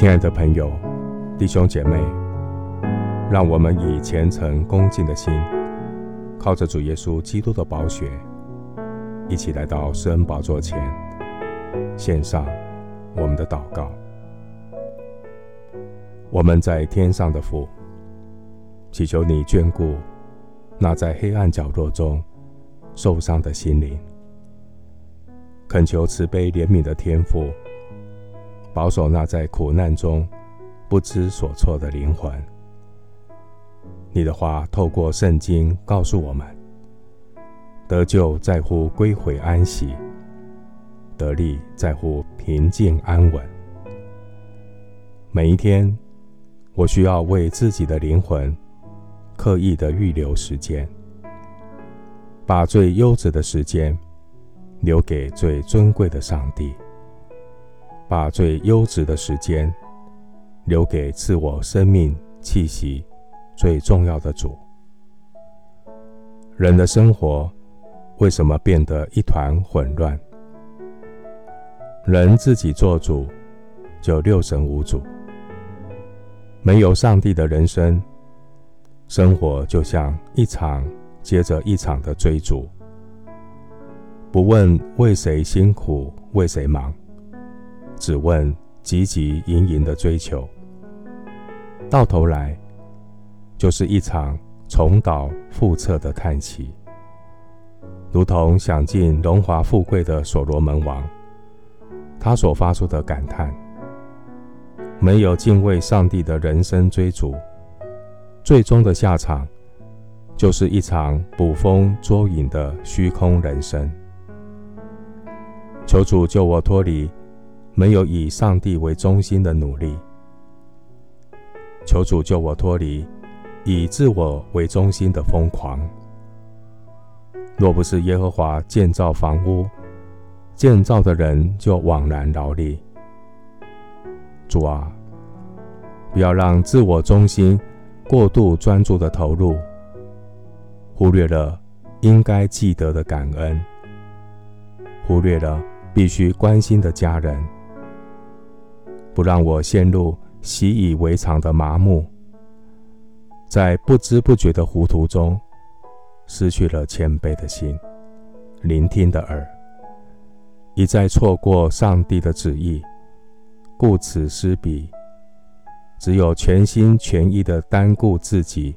親愛的朋友、弟兄姐妹，讓我們以虔誠恭敬的心，靠着主耶穌基督的寶血，一起來到施恩寶座前，獻上我們的禱告。我們在天上的父，祈求你眷顧那在黑暗角落中受傷的心靈，懇求慈悲憐憫的天父。保守那在苦難中不知所措的靈魂。你的話透過聖經告訴我們：得救在乎歸回安息，得力在乎平靜安穩。每一天，我需要為自己的靈魂刻意的預留時間，把最優質的時間留給最尊貴的上帝。把最優質的時間留給自我生命氣息最重要的主。人的生活為什麼變得一團混亂？人自己做主，就六神無主。沒有上帝的人生，生活就像一場接着一場的追逐。不問為誰辛苦，為誰忙。只問汲汲營營的追求，到頭來就是一場重蹈覆轍的嘆息，如同享盡榮華富貴的所羅門王，他所發出的感嘆：沒有敬畏上帝的人生追逐，最終的下場就是一場捕風捉影的虛空人生。求主救我脫離。沒有以上帝為中心的努力，求主救我脫離以自我為中心的瘋狂。若不是耶和華建造房屋，建造的人就枉然勞力。主啊，不要讓自我中心過度專注的投入，忽略了應該記得的感恩，忽略了必須關心的家人。不讓我陷入習以為常的麻木，在不知不覺的糊塗中，失去了謙卑的心、聆聽的耳，一再錯過上帝的旨意，顧此失彼。只有全心全意地單顧自己，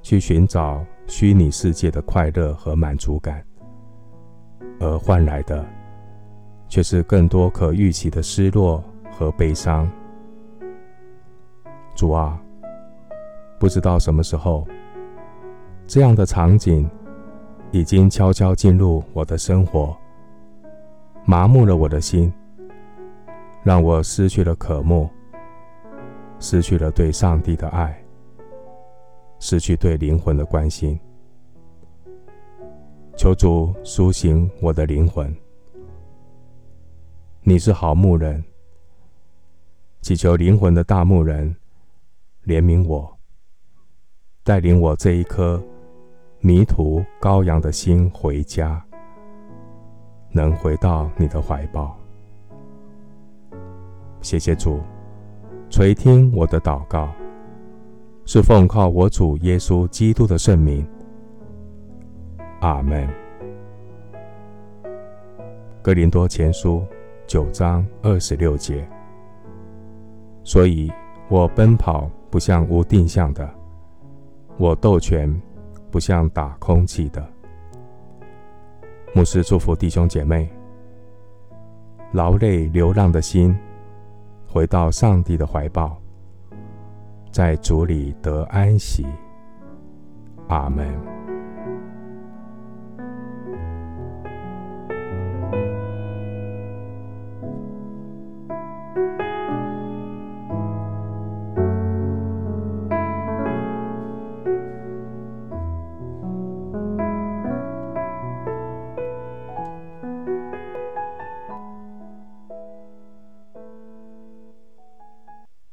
去尋找虛擬世界的快樂和滿足感，而換來的卻是更多可預期的失落和悲傷，主啊，不知道什麼時候，這樣的場景已經悄悄進入我的生活，麻木了我的心，讓我失去了渴慕，失去了對上帝的愛，失去對靈魂的關心。求主蘇醒我的靈魂，你是好牧人。祈求靈魂的大牧人，憐憫我，帶領我這一顆迷途羔羊的心回家，能回到你的懷抱。謝謝主，垂聽我的禱告，是奉靠我主耶穌基督的聖名。阿門。哥林多前書九章二十六節。所以，我奔跑不像無定向的；我鬥拳不像打空氣的。牧師祝福弟兄姐妹，勞累流浪的心回到上帝的懷抱，在主裡得安息。阿門。